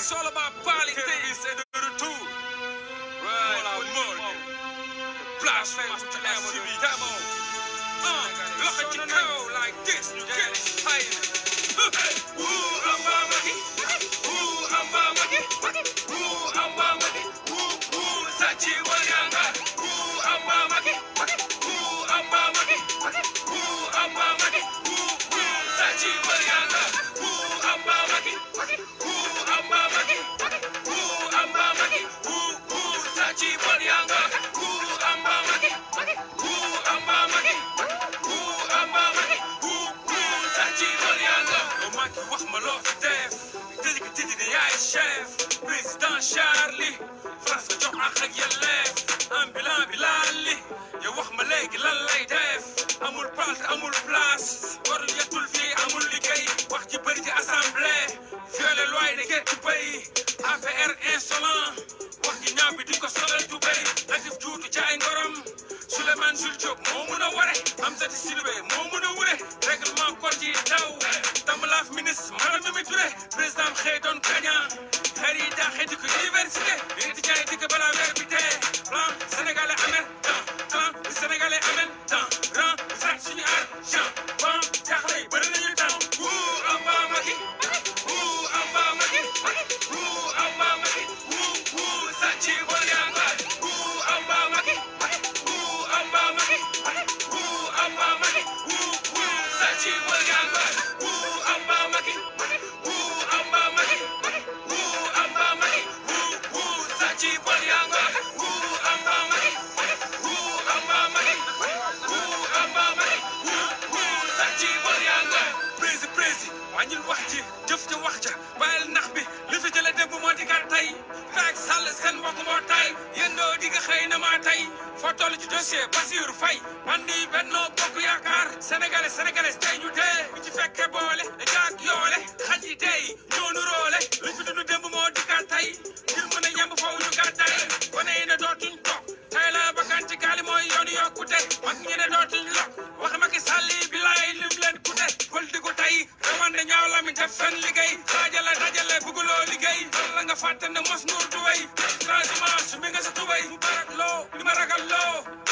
It's all about politics. And the tool. Right, for Morgan. The blasphemous the devil. Uh, look at your cow like this. You get it. Hey. Ooh, I'm my monkey. Ooh, I'm my monkey. Ooh, I'm my monkey. Ooh, ooh, Sachi Wanyanga. Ooh, I'm my monkey. Ooh, I'm my monkey. Ooh, I'm my monkey. Ooh, ooh, Sachi Wanyanga. شارلي فرصة جمعة خلق يلاف أم بلا بلالي يا وخم ليك لالي داف أمول بالت أمول بلاس ورن يطول في أمول لكي وقت بريد أسامبلي فيول الواي لكي تبي أفر إنسولان وقت نابي ديكو صلتو Latif Juutu jaay ngorom Souleymane Jules Diop moo mun a ware Amsatou Sidibé moo mun a wure règlement code yi daw Tambalaaf ministre Mimi Touré président xëy doon kaña xar yi daaxee di ko liggéey xaajale dajale bëgguloo liggéey la nga fàtte ne mos nuur du way transhumance mi nga sa tubay mu barak loo li ma ragal loo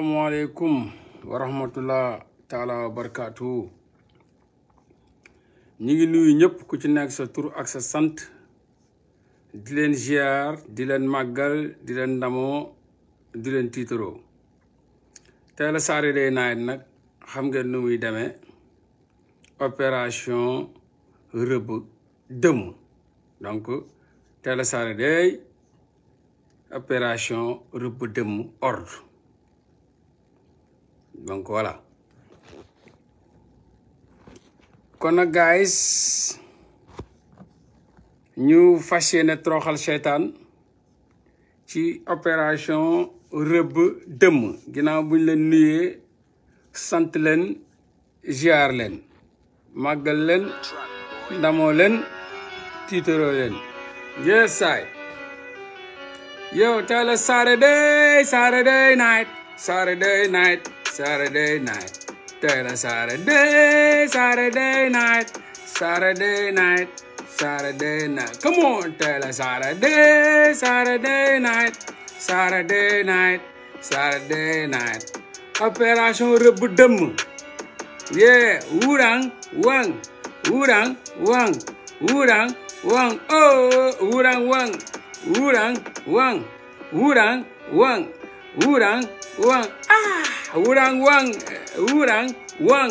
asalaamualeykum wa rahmatullah taala wa barakaatu ñu ngi nuyu ñëpp ku ci nekk sa tur ak sa sant di leen ziar di leen màggal di leen ndamoo di leen tiitaroo teela la saari day naayit nag xam ngeen nu muy demee opération rëbb dëmm donc tey la saari day opération rëbb dëmm ordre donc voilà kon nag guys ñu fas yéene troxal seytaan ci opération rëbb dëmm ginnaaw buñ leen nuyee sant leen ziar leen màggal leen ndamoo leen tiitaroo leen yes saay yo tell Saturday Saturday night Saturday night Saturday night. tell us Saturday, Saturday night, Saturday night, Saturday night. Come on, tell us Saturday, Saturday night, Saturday night, Saturday night. Operation Rebudum. Yeah, urang, wang, urang, wang, urang, wang, oh, urang, wang, urang, wang, urang, wang, urang, wang. uang ah urang uang urang uang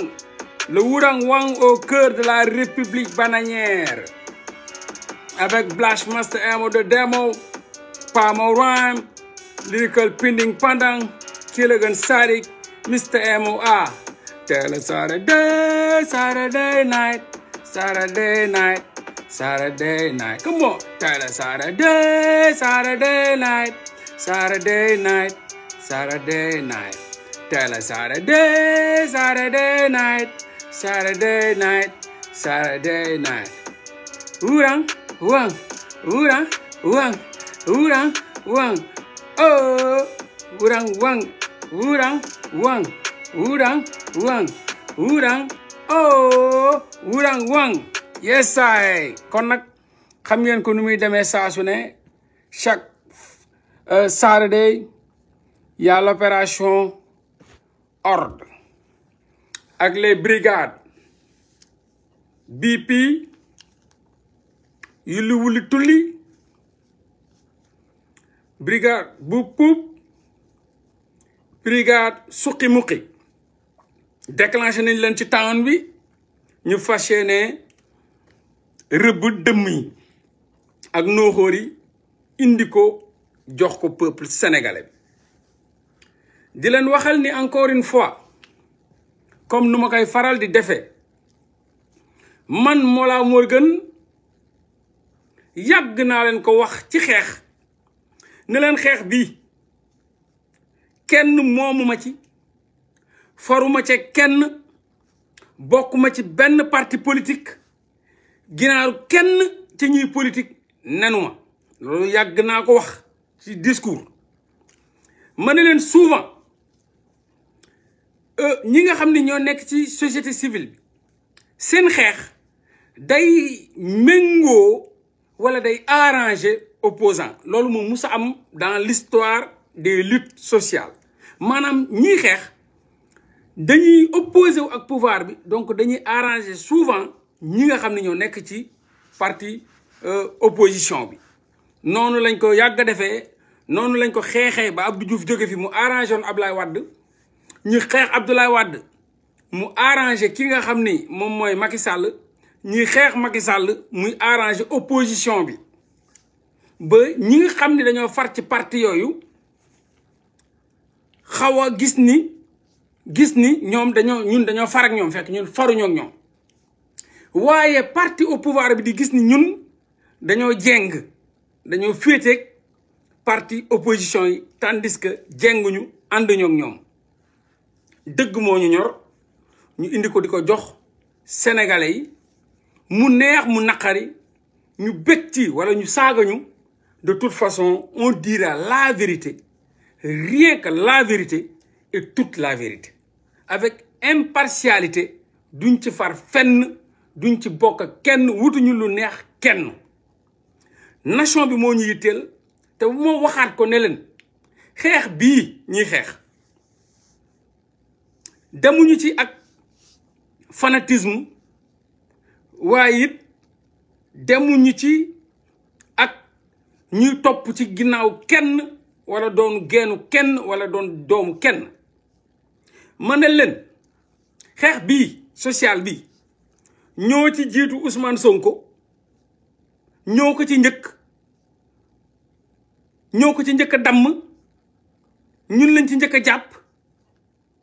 le urang uang au cœur de la République bananière avec blast Master Amo de Demo Pamo Rhyme Lyrical Pending Pandang Kilogan Sadik Mr. a Tell us Saturday, Saturday night, Saturday night, Saturday night. Come on, tell us Saturday, Saturday night, Saturday night. Saturday night. Tell her Saturday, Saturday night, Saturday night, Saturday night. Oorang, oorang, oorang, oorang, oorang, oorang. Oh, oorang, oorang, oorang, oorang, oorang, oorang, oorang. Oh, oorang, oorang. Yes, I. Konak kamian kunumi demesa asune. Shak. Uh, Saturday. il y a l'opération Ordre avec les brigades BP Yuli brigade Boub Boub brigade Suqi Muqi déclenché nañ leen ci town bi ñu fas yéene rëbb dëmm yi ak nooxóor yi indi ko jox ko peuple sénégalais bi di waxal ni encore une fois comme faral di defe. man mola Morgan, yag na len ko wax ci xex ne len xex kenn momuma ci ci kenn ci parti politique ginaaru kenn ci ñuy politique nanuma yag ko wax discours souvent euh, ñi nga xamni société civile bi seen xex day mengo wala day arranger opposant lolu mo musa am dans l'histoire des luttes sociales Manam ñi xex dañuy opposé pouvoir donc dañuy arranger souvent ñi nga parti euh, opposition bi nonu lañ ko Abdou mu ni Abdoulaye Wad, mu arrangé ki nga ni moy Macky Sall arrangé opposition bi ba ñi nga far parti gis ni gis ni ñun far parti au pouvoir bi di gis ni ñun dañoo jeng dañoo parti opposition tandis que jenguñu deug mo ñu ñor ñu indi ko diko jox sénégalais mu neex mu nakari ñu wala ñu saagañu de toute façon on dira la vérité rien que la vérité et toute la vérité avec impartialité duñ ci far fenn duñ ci bokk kenn wutuñu lu neex kenn nation bi mo ñu yitteel te mo waxat ko ne leen xex bi ñi xex demuñu ci ak fanatisme waaye it demuñu ci ak ñuy topp ci ginnaaw kenn wala doon geenu kenn wala doon doomu kenn ma leen xeex bi social bi ñoo ci jiitu Ousmane Sonko ñoo ko ci njëkk ñoo ko ci njëkk a damm ñun lañ ci njëkk a jàpp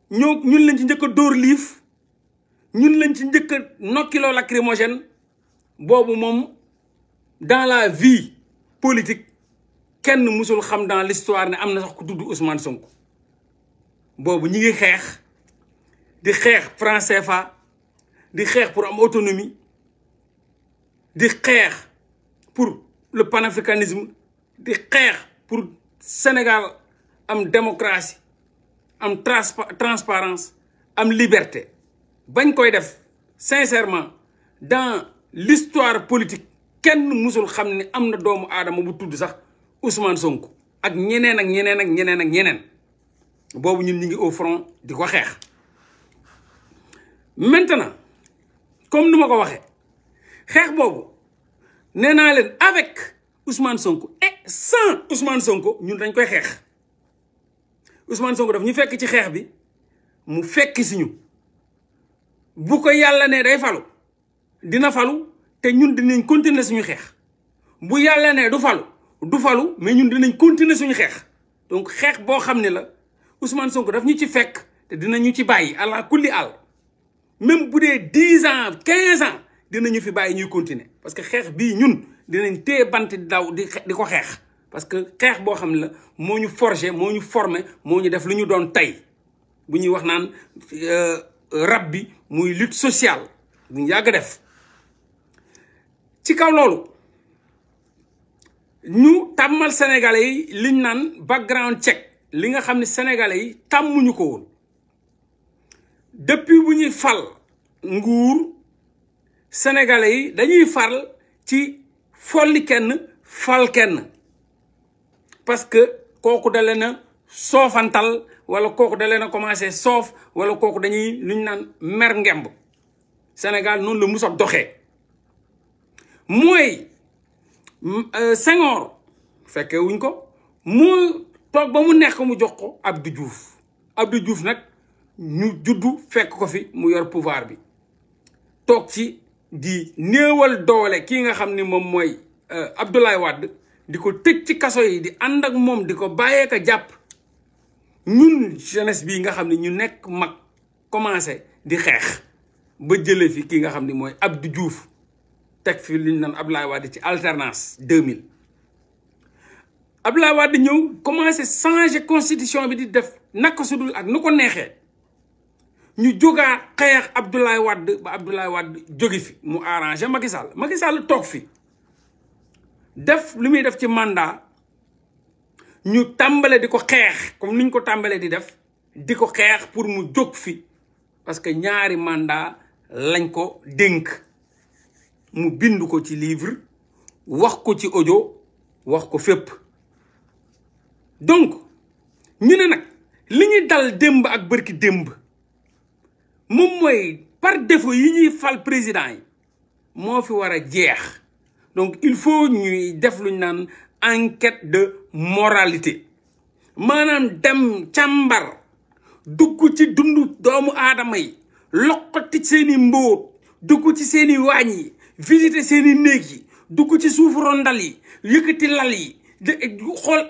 Nous ñun lañ ci ñëk door lif ñun lañ ci ñëk a lacrymogène bobu mom dans la vie politique kenn musul xam dans l'histoire né amna sax ku dudd Ousmane Sonko des ñi ngi xex di xex franc CFA di xex pour am autonomie di pour le panafricanisme di xex pour Sénégal am démocratie am transparence am liberté Bagn koy def sincèrement dans l'histoire politique kenn musul xam ne doomu sax Ousmane Sonko ak ñeneen ak ñeneen ak ñeneen ak ñeneen ñun au front maintenant comme dit, ko avec Ousmane Sonko et sans Ousmane Sonko ñun dañ koy Ousmane Sonko daf ñu fekk ci xeex bi mu fekk si ñu bu ko yàlla ne day falu dina falu te ñun dinañ continuer suñu xeex bu yàlla ne du falu du falu mais ñun dinañ continuer suñu xeex donc xeex boo xam ne la Ousmane Sonko daf ñu ci fekk te dinañu ci bàyyi allah kulli àll même bu dee dix ans quinze ans dinañu fi bàyyi ñuy continuer parce que xeex bii ñun dinañ téye bant daw di di ko xeex. parce que xeex bo xam ne la moo ñu forger moo ñu former moo ñu def lu ñu doon tey bu ñuy wax naan euh, rab muy lutte sociale bu ñu yàgg def ci kaw loolu ñu tàmmal sénégalais yi liñ naan background check li nga xam ne sénégalais yi tàmmuñu ko woon depuis bu ñuy fal nguur sénégalais yi dañuy faral ci folli kenn fal kenn parce que kooku da leen a soofantal wala kooku da leen commencé soof wala kooku dañuy lu naan mer ngemb Sénégal noonu la mus a mooy euh, Senghor fekkee wuñ ko mu toog ba mu nekk mu jox ko Abdou juuf abdu juuf nag ñu juddu fekk ko fi mu yor pouvoir bi toog ci di néewal doole kii nga xam ni moom mooy euh, Abdoulaye Wade diko ko ci kasso yi di and ak mom di ko ñun jeunesse bi nga xamni ñu nek mag commencé di ba fi ki nga Abdou Diouf fi Abdoulaye Wade ci alternance 2000 Abdoulaye Wade commencé changer constitution bi di def ak nuko nexé ñu Abdoulaye Wade Abdoulaye Wade fi mu def li muy def ci mandat ñu tàmbale di ko xeex comme niñ ko tàmbalee di def di ko xeex pour mu jóg fi parce que ñaari mandat lañ ko dénk mu bind ko ci livre wax ko ci ojo wax ko fépp donc ñu ne nag li ñuy dal démb ak bërki démb moom mooy par défaut yi ñuy fal président yi moo fi war a jeex donc il faut ñuy def lu enquête de moralité Madame dem càmbar dugg ci dundu doomu Adamay, yi loqati seeni mbóot dugg ci seeni waañ yi visiter seeni néeg yi dugg ci suufu rondal yi lal yi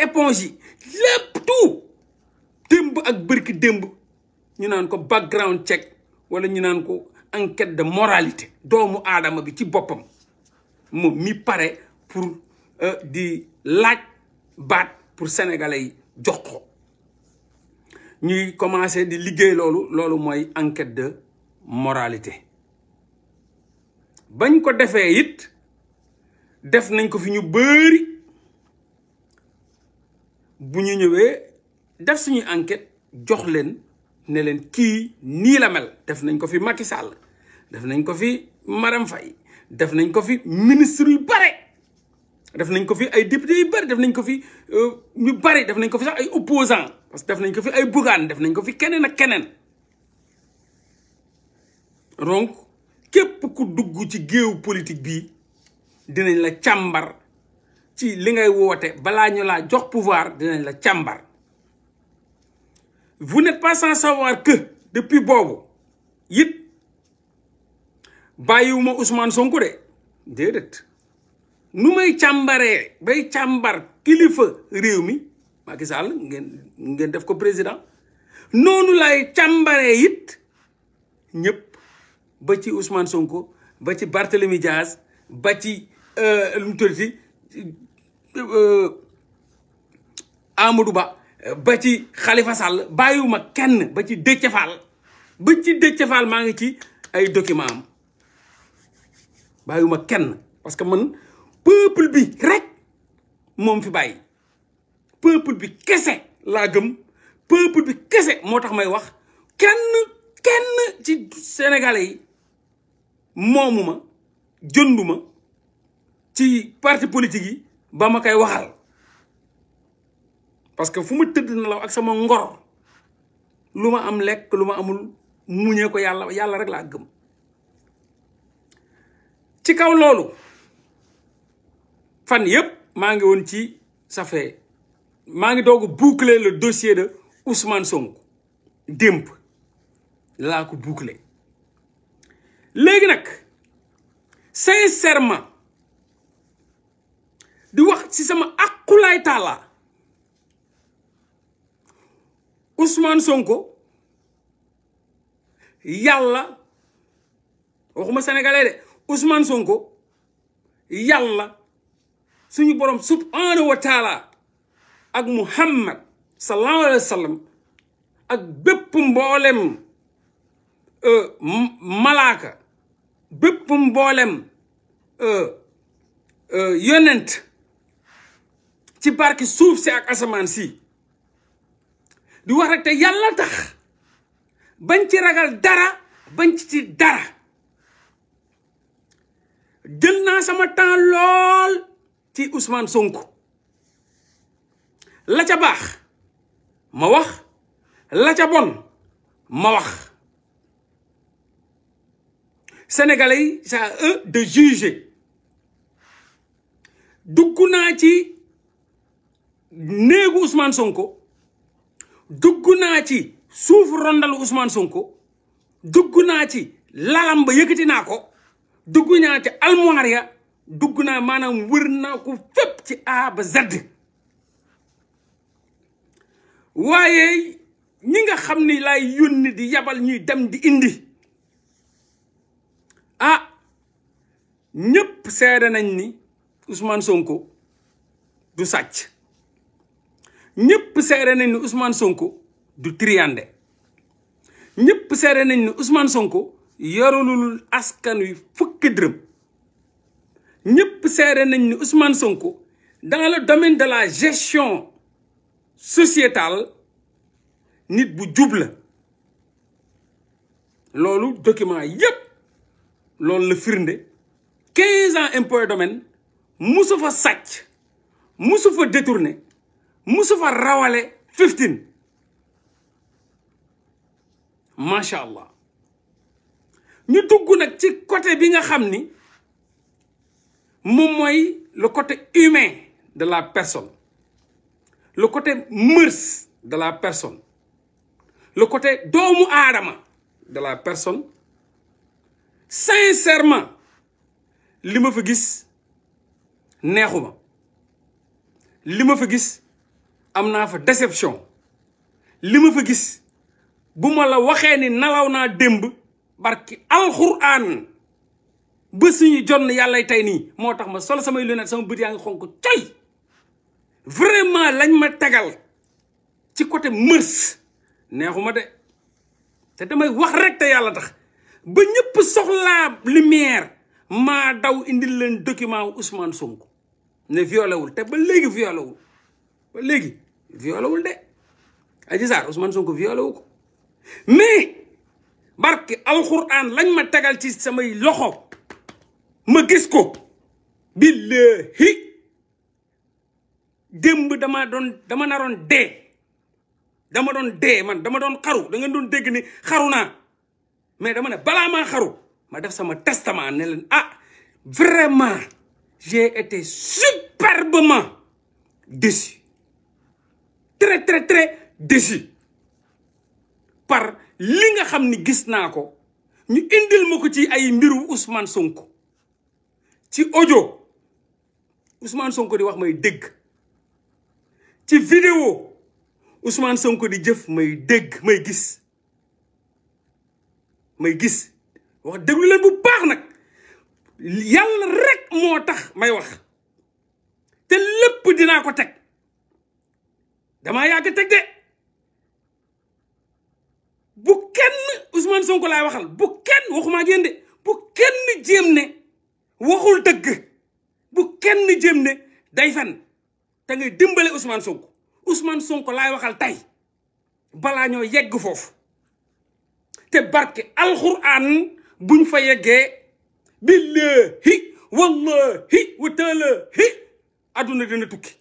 éponge yi tout dembo ak bërki démb ñu ko background check wala ñu naan ko enquête de moralité doomu aadama bi ci mi paré pour euh, di laj baat pour sénégalais jox ko ñuy commencé di liggéey lolu lolu moy enquête de moralité bagn ko défé it def nañ ko fi ñu beuri bu ñu ñëwé def suñu enquête jox leen ne leen ki ni la mel def nañ ko fi Macky Sall def nañ ko fi Maram Faye def nañ ko fi ministre yu bare def nañ ko fi député yu bare def nañ ko fi ñu euh, bare def nañ ko opposant parce que def nañ ko fi ay Bougane def nañ ko fi donc képp ku dugg politique bi dinañ la càmbar ci li ngay ñu pouvoir dinañ la chambre. vous n'êtes pas sans savoir que depuis boobu bàyyiwuma Ousmane Sonko de déedéet nu may càmbaree bay càmbar kilifa réew mi Macky Sall ngeen ngeen def ko président noonu lay càmbaree it ñëpp ba ci Ousmane Sonko ba ci Barthélemy Diaz ba ci euh, lu mu tuddati euh, Amadou Ba ba ci Khalifa Sall bàyyiwuma kenn ba ci Déthié ba ci Déthié maa ngi ci ay document am bàyyiwuma kenn parce que man peuple bi rek mom fi baye peuple bi kese la gëm peuple bi kese motax may wax kenn kenn ci sénégalais momuma jënduma ci parti politique yi ba ma koy waxal parce que fuma teud na law ak sama ngor luma am lek luma amul muñé ko yalla yalla rek la gëm ci kaw loolu fan yëpp maa ngi ci ça fait maa ngi boucler le dossier de Ousmane Sonko démb laa ko boucler léegi nag sincèrement di wax ci sama akulay taalaa Ousmane Sonko yalla, waxuma sénégalais de. Ousmane Sonko yàlla suñu borom subhanahu wa ak Muhammad sallallahu alayhi wa ak bépp mboolem euh, malaaka bépp mboolem euh, euh, yonent ci barki suuf si ak asamaan si di wax rek te yàlla bañ ci ragal dara bañ ci dara jël naa sama temps lool ci Ousmane Sonko la ca baax ma wax la ca bon ma wax sénégalais yi c'est à de juger dugg naa ci néegu Ousmane Sonko dugg naa ci suuf rondalu Ousmane Sonko dugg naa ci lalam ba naa ko dugg naa ci almoir ya dugg naa maanaam wër naa ko fépp ci aaba ba waaye ñi nga xam ni laay yónni di yabal ñuy dem di indi ah ñëpp seede nañ ni usmaan Sonko du sàcc ñëpp seede nañ ni Ousmane Sonko du triyande ñëpp seede nañ ni Ousmane Sonko yorulul askan wi fukki dërëm ñëpp seere nañ ni Ousmane Sonko dans le domaine de la gestion sociétale nit bu jub lolu document yépp lolu le firnde quinze ans impôt domaine musu Satch, sàcc détourné musu rawale fifteen macha ñu dugg nag ci côté bi nga xam ni moom le côté humain de la personne le côté murs de la personne le côté doomu aadama de la personne sincèrement li ma fa gis neexuma li ma fa gis am naa fa déception li ma fa gis bu la waxee ni nalaw naa barki alxuraan ba suñu jonn yàllay tey nii moo tax ma sol samay lunette sama bët yaa ngi xonk coy vraiment lañ ma tegal ci côté mërs neexuma de te damay wax rek te yàlla tax ba ñëpp soxlaa lumière maa daw indil leen document wu Ousmane Sonko ne violé te ba léegi violé wul ba léegi violé de Adji Sarr Ousmane Sonko violé wu ko mais barke alxuraan lañ ma tegal ci samay loxo ma gis ko billahi démb dama doon dama naroon dee dama doon dee man dama doon xaru da ngeen doon dégg ni xaru naa mais dama ne balaa maa xaru ma def sama testament ne leen ah vraiment j'ai été superbement déçu très très très déçu par li nga xam ni gis naa ko ñu indil ma ko ci ay mbiru usmaan Sonko ci ojo usmaan Sonko di wax may dégg ci vidéo usmaan Sonko di jëf may dëgg may gis may gis wax déglu leen bu baax nag yàlla rek moo tax may wax te lépp dinaa ko teg damaa yàgg teg de kenn Ousmane Sonko laay waxal bu kenn waxuma ak bu kenn jéem ne waxul dëgg bu kenn jëm ne day fen te ngay dimbale Ousmane Sonko Ousmane Sonko laay waxal tey balaa ñoo yegg foofu te barke alxuraan buñ fa yeggee billahi wallahi wa taalahi adduna dina tukki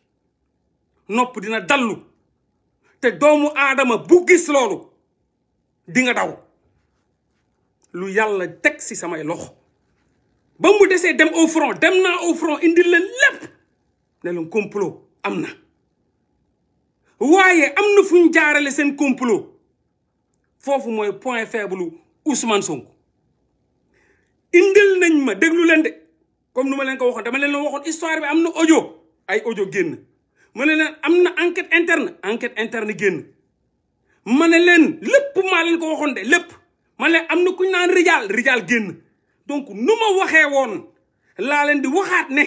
nopp dina dallu te doomu aadama bu gis loolu di nga daw lu yàlla teg si samay lox ba mu desee dem au front dem naa au front indil leen lépp ne leen complot am na waaye am na fu ñu jaarale seen complot foofu mooy point faible Ousmane Sonko indil nañ ma déglu leen de comme nu ma leen ko waxoon dama leen la waxoon histoire bi am na ojo ay ojo génn ma ne leen am na enquête interne enquête interne génn ma ne leen lépp maa leen ko waxoon de lépp ma ne am na ku ñu naan rijaal rijaal génn donc nu ma waxee woon laa leen di waxaat ne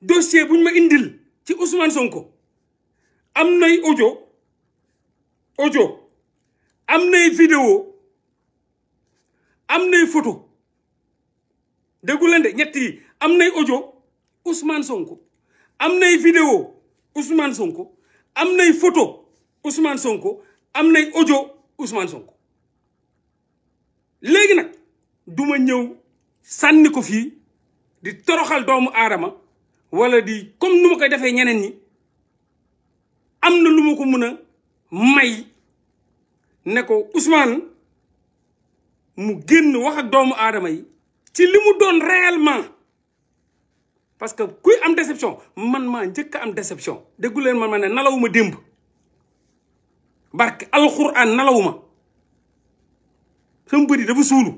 dossier buñ ñu ma indil ci Ousmane Sonko am nay ojo audio am nay vidéo am nay photo déggu leen de ñett yi am nay audio Ousmane Sonko am nay vidéo Ousmane Sonko am nay photo Ousmane Sonko am nay ojo Ousmane Sonko léegi nag du ma ñëw sànni ko fii di toroxal doomu aadama wala di comme nu ma koy defee ñeneen ñi am na lu ma ko mën a may ne ko Ousmane mu génn wax ak doomu aadama yi ci li mu doon réellement parce que kuy am deception man maa njëkk a am déception déggu leen man ma ne nalawuma démb barke alxuraan nalawuma sama bëri dafa suulu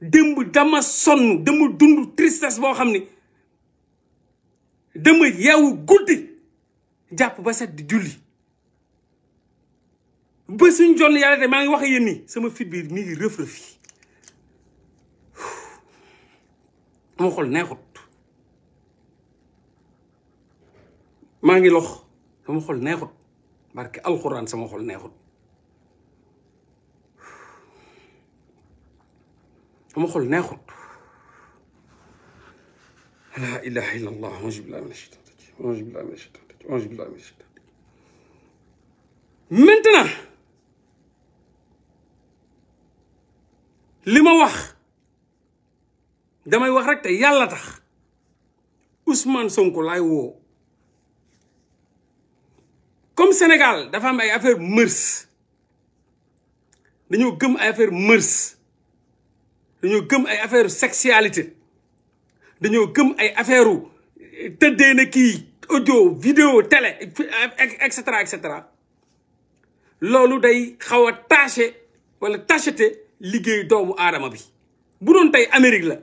démb dama sonn dama dund tristesse boo xam ni dama yeewu guddi jàpp ba set julli ba suñ jonn yàlla de maa ngi wax ak yéen nii sama fit bi mi ngi rëf-rëf yi xol neexut maa ngi lox sama xol neexut barke alquran sama xol neexut sama xol neexut la ilaha illa allah wa billahi mina shaytan rajim ange billahi mina shaytan rajim ange billahi mina shaytan rajim maintenant lima wax damay wax rek te yàlla tax Ousmane Sonko lay woo comme Sénégal dafa am ay affaire mœurs dañoo gëm ay affaire mœurs dañoo gëm ay affaire sexualité dañoo gëm ay affaire u tëddee na kii audio vidéo télé et cetera et cetera loolu day xaw a taché wala tacheté liggéey doomu aadama bi bu doon tey Amérique la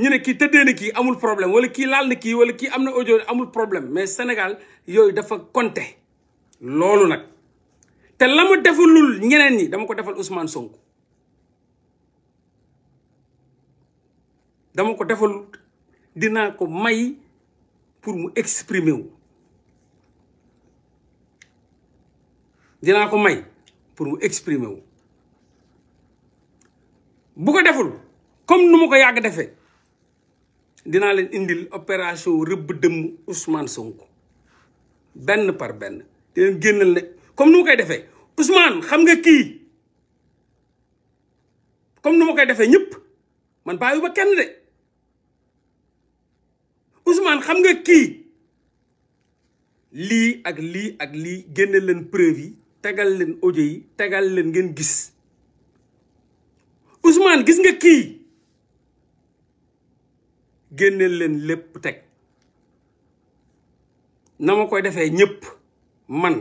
ñu ne kii tëddee na kii amul problème wala kii laal na kii wala kii am na audio amul problème mais Sénégal yooyu dafa compter loolu nag te la mu defalul ñeneen ñi dama ko defal Ousmane Sonko dama ko defal dinaa ko may pour mu exprimer wu dinaa ko may pour mu exprimer wu bu ko deful comme nu ma ko yàgg defee dinaa leen indil opération rëbb dëmm Ousmane Sonko benn par benn di leen génnal ne comme nu ma koy defee Ousmane xam nga kii comme nu ma koy defee ñëpp man bàyyi ba kenn de Ousmane xam nga kii lii ak lii ak lii génne leen preuve yi tegal leen audio yi tegal leen ngeen gis Ousmane gis nga kii génneel leen lépp teg na ma koy defee ñëpp man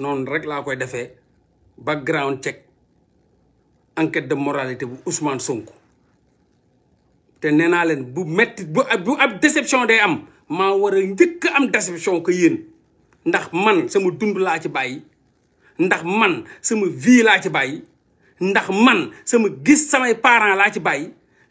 noonu rek laa koy defee background check enquête de moralité bu Ousmane sunk te nee naa leen bu metti bu bu ab déception day am maa war a njëkk am déception ko yéen ndax man sama dund laa ci bàyyi ndax man sama vie laa ci bàyyi ndax man sama gis samay parent laa ci bàyyi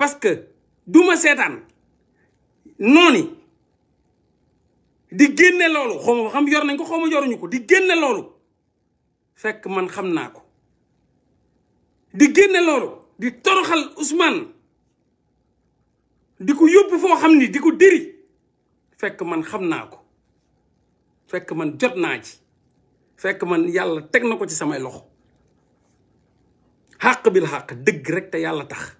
parce que du ma seetaan nooni di génne loolu xam yor nañ ko xaw ma yoruñu ko di génne loolu fekk man xam naa ko di génne loolu di toroxal Ousmane di ko yóbbu foo xam ni di ko diri fekk man xam naa ko fekk man jot naa ci fekk man yàlla teg na ko ci samay loxo xàq la xàq dëgg rek te yàlla tax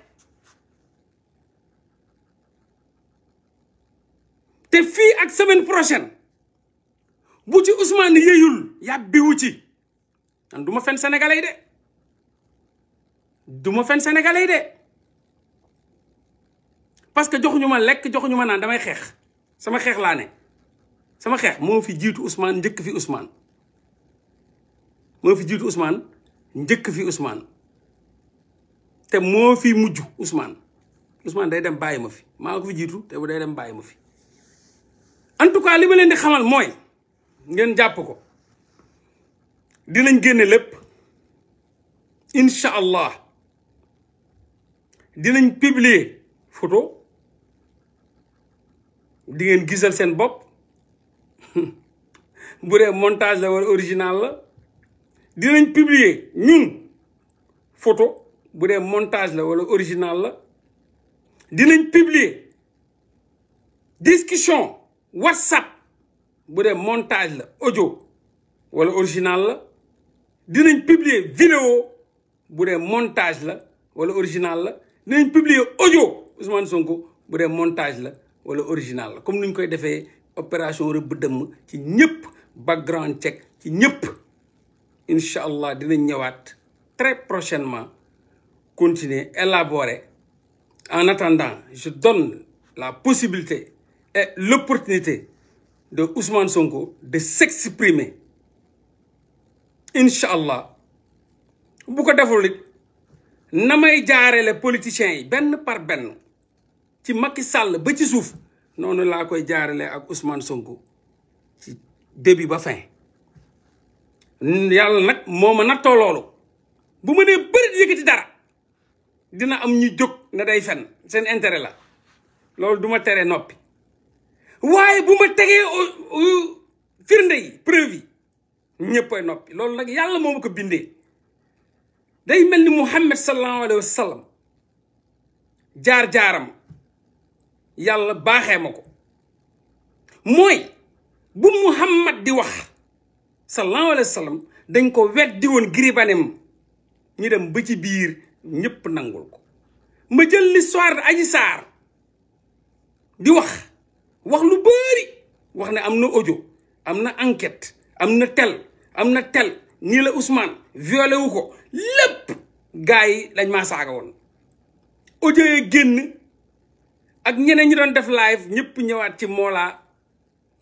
te fi ak semaine prochaine bu ci Ousmane yeyul yàbbiwu ci tan duma fen sénégalais dé de fen sénégalais dé parce que joxuñu ma lekk joxuñu ma damay xex sama xex la né sama xex mo fi jitu Ousmane ndiek fi Ousmane mo fi jitu Ousmane ndiek fi Ousmane te mo fi muju Ousmane Ousmane day dem bayima fi maa ko fi jitu te bu day dem bayima fi en tout cas li ma leen di xamal mooy ngeen jàpp ko dinañ génne lépp incha allah dinañ piblier photo di ngeen gisal seen bopp bu dee montage la wala original la dinañ piblier ñun photo bu dee montage la wala original la dinañ piblier discussion whatsapp pour le montage audio ou original la dinañ publier vidéo pour le montage ou wala original la dinañ publier audio Ousmane Sonko bu montage ou wala original comme nous ñu koy defee opération qui dëmm ci ñëpp background check ci ñëpp incha dinañ très prochainement continuer à élaborer en attendant je donne la possibilité et l'opportunité de Ousmane Sonko de sexprimé incha allah bu ko deful it na may jaareele politiciens yi benn par benn ci Macky sàll ba ci suuf noonu laa koy jaarale ak Ousmane Sonko ci début ba fin yàlla nag moo ma nattoo loolu bu ma nee bëri yëkkati dara dina am ñu jóg ne day fen seen intérêt la loolu du ma teree noppi waaye bu ma tegee firnde yi preuve yi noppi loolu nag yàlla moo ma ko bindee day mel ni Muhammad sallallahu alayhi wa jaar-jaaram yàlla baaxee ma ko mooy bu Muhammad di wax sallallahu alayhi wa dañ ko weddi woon giribanem ñu dem ba ci biir ñëpp nangul ko ma jël l'histoire de aji Sarr di wax wax lu bëri wax ne am na audio am na enquête am na tel am na tel nii la Ousmane violé wu ko lépp gars yi dañ maa saaga woon audio yi génn ak ñeneen ñi doon def live ñëpp ñëwaat ci Mollah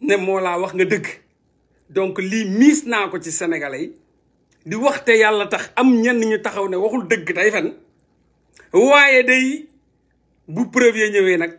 ne Mollah wax nga dëgg donc lii miis naa ko ci sénégalais yi di waxte yàlla tax am ñenn ñu taxaw ne waxul dëgg tey fen waaye day bu preuve ñëwee nag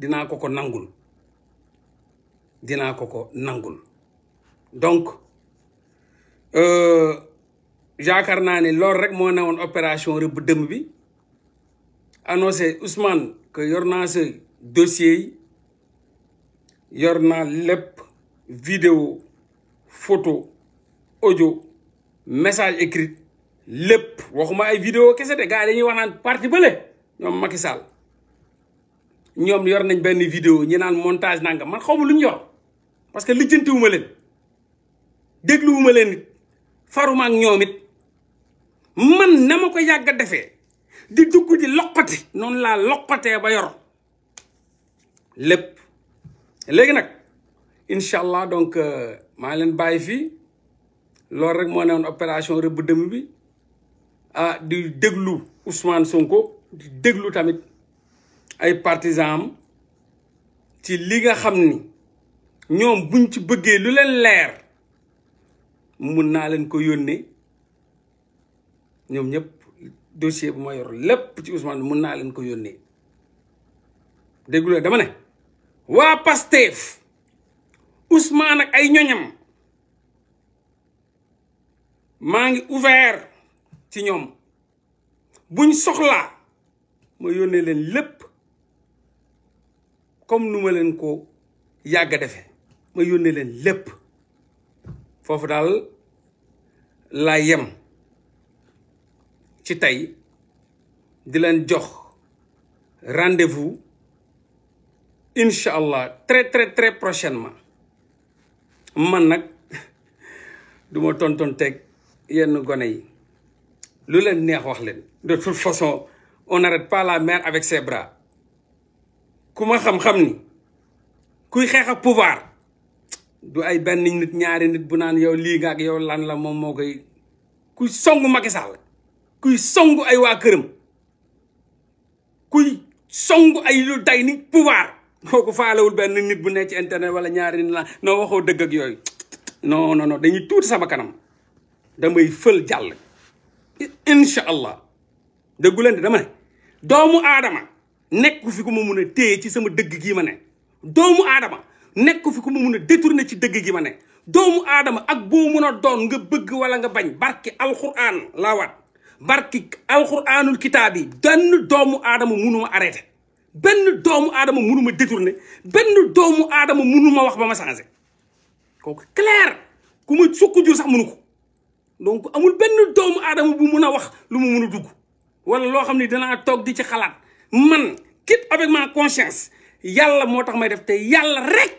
dinaa ko ko nangul dinaa ko ko nangul donc euh, yaakaar naa ni loolu rek moo newoon opération rek rëbb dëmm bi annoncé Ousmane que yor naa sa dossier yi yor naa lépp vidéo photo ojo message écrit lépp waxuma ay vidéo kese de gars yi dañuy wax naan parti bële ñoom Macky ñoom yor nañ benn vidéo ñi naan montage nanga man xaw ma lu ñu yor parce que lijjantiwuma leen dégluwuma leen it faruma ak man na ma ko yàgg defee di dugg di loqati noonu laa loqatee ba yor lépp léegi nag incha allah donc euh, maa leen bàyyi fii loolu rek moo newoon opération rëbb dëmm bi ah di déglu Ousmane Sonko di déglu tamit ay partisans am ci li nga xam ni ñoom buñ ci bëggee lu leen leer mun naa leen ko yónnee ñoom ñëpp dossier bu ma lépp ci Ousmane mun naa leen ko yónnee déggulee dama ne waa Pastef Ousmane ak ay ñoñam maa ngi ouvert ci ñoom buñ soxlaa moo yónnee leen lépp comme nous ma ko a gardé. ma nous rendez-vous inshallah très très très prochainement man du mot tonton lu de toute façon on n'arrête pas la mer avec ses bras ku ma xam-xam ni kuy xeex ak pouvoir du ay benn nit ñaari nit bu naan yow lii nga ak yow lan la moom moo koy kuy songu Macky Sall kuy songu ay waa këram kuy songu ay lu day ni pouvoir moo ko faalewul benn nit bu nekk ci internet wala ñaari nit la noo waxoo dëgg ak yooyu non non non dañuy tuuti sama kanam damay fël jàll incha allah dëggu leen dama doomu aadama nekku fi ku ma mun a téye ci sama dëgg gii ma ne doomu aadama nekk fi ku ma mun a détourné ci dëgg gi ma ne doomu aadama ak boo mun a doon nga bëgg wala nga bañ barki alxuraan laawaat barki alxuraanul kitaab yi benn doomu aadama munuma arrêté benn doomu aadama munuma détourné benn doomu aadama munu ma wax ba ma changé kooku clair ku ma sukk jur sax munu ko donc amul benn doomu aadama bu mun a wax lu ma mun a dugg wala loo xam ne danaa toog di ci xalaat man quitte avec ma conscience yalla motax may def rek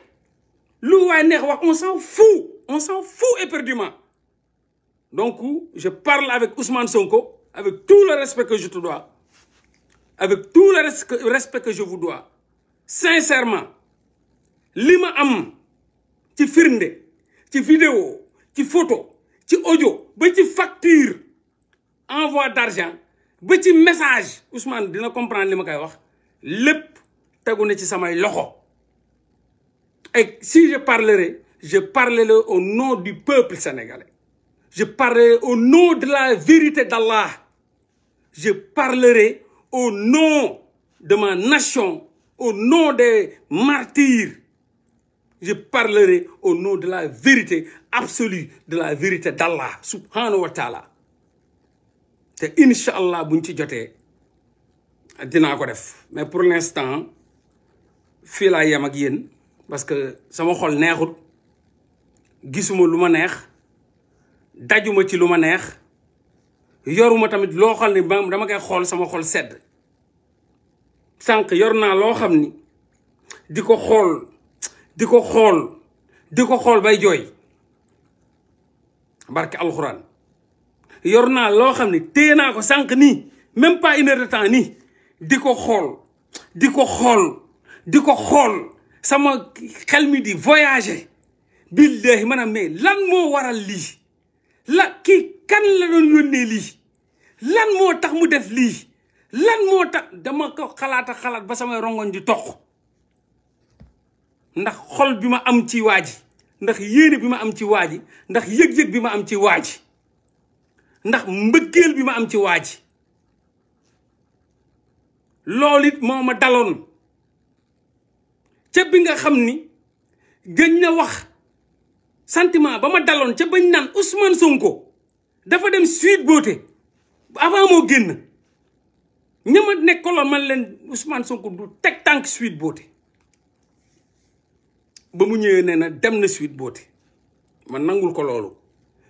on s'en fout on s'en fout éperdument donc je parle avec Ousmane Sonko avec tout le respect que je te dois avec tout le respect que je vous dois sincèrement li ma am ci firnde ci vidéo ci photo ci audio ba ci facture envoi d'argent Petit message Ousmane comprendre samay et si je parlerai je parlerai au nom du peuple sénégalais je parlerai au nom de la vérité d'Allah je parlerai au nom de ma nation au nom des martyrs je parlerai au nom de la vérité absolue de la vérité d'Allah subhanahu wa ta'ala te incha allah buñ ci jotee dinaa ko def mais pour l'instant fii laa yem ak yéen parce que sama xol neexut gisuma lu ma neex dajuma ci lu ma neex yoruma tamit loo xam ne dama koy xool sama xol sedd sànq yor naa loo xam ni di ko xool di ko xool di ko xool bay jooy barke alxuraan yorna lo xamni xam ko sank ni même pas une heure de temps ni di xol diko di diko xol sama xel mi di voyager billahi manam me lan mo waral li la ki kan la doon yónnee li lan mo tax mu def li lan mo tax dama ko khalaata khalaat ba sama rongon di tok ndax xol bima am ci waji ndax yene bima am ci waji ndax yeg yeg bima am ci waji ndax mbëggeel bi ma am ci waa ji loolu it moo ma daloon ca bi nga xam ni gëñ na wax sentiment ba ma daloon ca bañ naan Ousmane Sonko dafa dem Sweet Beauté avant moo génn ña ma nekkaloon man leen Ousmane Sonko du teg tànk Sweet Beauté ba mu ñëwee nee na dem na Sweet Beauté ma nangul ko loolu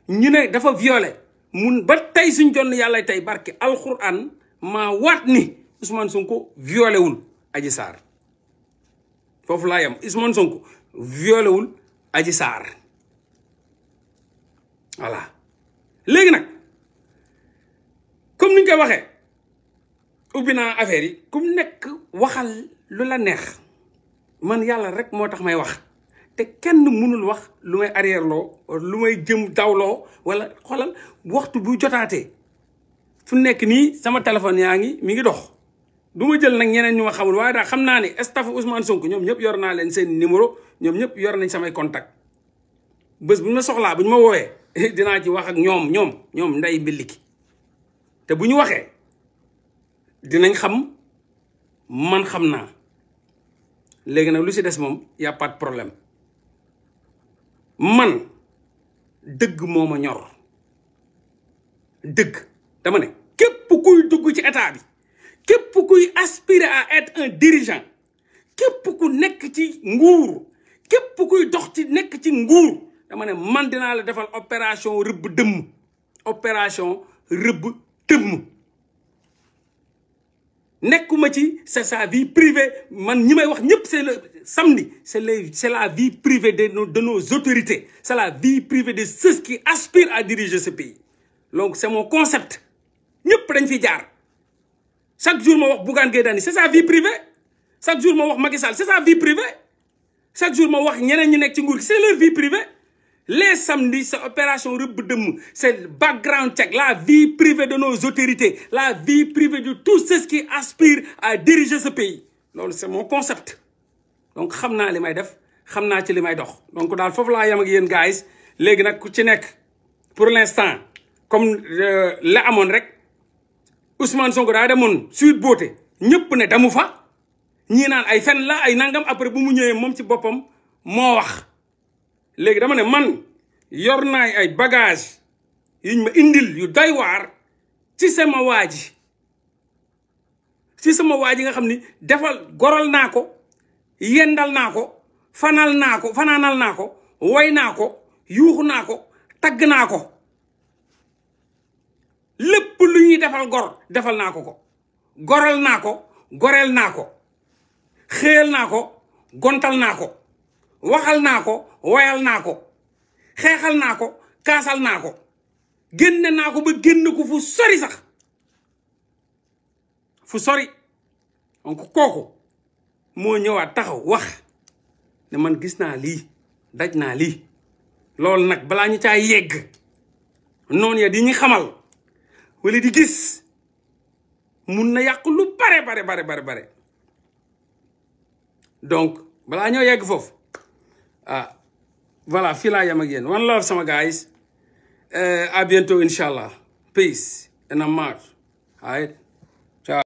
ñu ne dafa violé mun ba tey suñ jonn yàlla tey barke alxuraan maa waat ni Ousmane Sonko violé wul Adji Sarr foofu laa yam Ousmane Sonko violé wul Adji Sarr voilà léegi nag comme ni ñu koy waxee ubbi naa affaire yi ku nekk waxal lu la neex man yàlla rek moo tax may wax. kenn mënul wax lu may arrière loo lu may jëm dawloo wala xoolal waxtu bu jotaatee fu nekk nii sama téléphone yaa ngi mi ngi dox. du ma jël nag ñeneen ñu ma xamul waaye daal xam naa ni staff Ousmane Sonko ñoom ñëpp yor naa leen seen numéro ñoom ñëpp yor nañ samay contact bës bu ñu ma soxlaa bu ñu ma woowee dinaa ci wax ak ñoom ñoom ñoom nday mbiliki te bu ñu waxee dinañ xam man xam naa léegi nag lu si des moom y problème. man dëgg moo ma ñor dëgg dama ne képp kuy dugg ci état bi képp kuy aspirer à être un dirigeant képp ku nekk ci nguur képp kuy dox ci nekk ci nguur dama ne man dinaa la defal opération rëbb dëmm opération rëbb dëmm c'est sa vie privée man c'est samedi c'est la vie privée de nos de nos autorités c'est la vie privée de ceux qui aspirent à diriger ce pays donc c'est mon concept ñep dañ fi jaar chaque jour je wax Bougane Gueye c'est sa vie privée chaque jour je wax Macky c'est sa vie privée chaque jour je wax ñeneen ñi nek c'est leur vie privée les samedis, c'est opération rubdum, c'est le background check, la vie privée de nos autorités, la vie privée de tous ceux qui aspirent à diriger ce pays. Donc, c'est mon concept. Donc, je sais ce que je fais, Donc, dans le fond, les il y a les gars, pour l'instant, comme euh, la amon rek, Ousmane Sonko daa demoon suite boote ne fa ils ay la ay nangam après bu mu ils sont ci léegi dama ne man yor naay ay bagage yuñ ma indil yu doy waar ci sama waa ji ci sama waa ji nga xam ni defal goral naa ko yendal naa ko fanal naa ko fanaanal naa ko woy naa ko yuuxu naa ko tagg naa ko lépp lu ñuy defal gor defal naa ko ko goral naa ko goreel naa ko xéel naa ko gontal naa ko waxal nako, ko wayal naa ko xeexal naa ko kaasal naa ko génne naa ko ba génn ko fu sori sax fu sori donc kooku moo ñëwaat taxaw wax ne man gis naa lii daj naa lii loolu nag balaa ñu caa yegg noonu ya di ñu xamal wala di gis mun na yàq lu bare bare bare bare bare donc balaa ñoo yegg foofu Ah, voilà Feel I am again. one love summer guys eh, à bientôt incha inshallah. peace and I'm out all right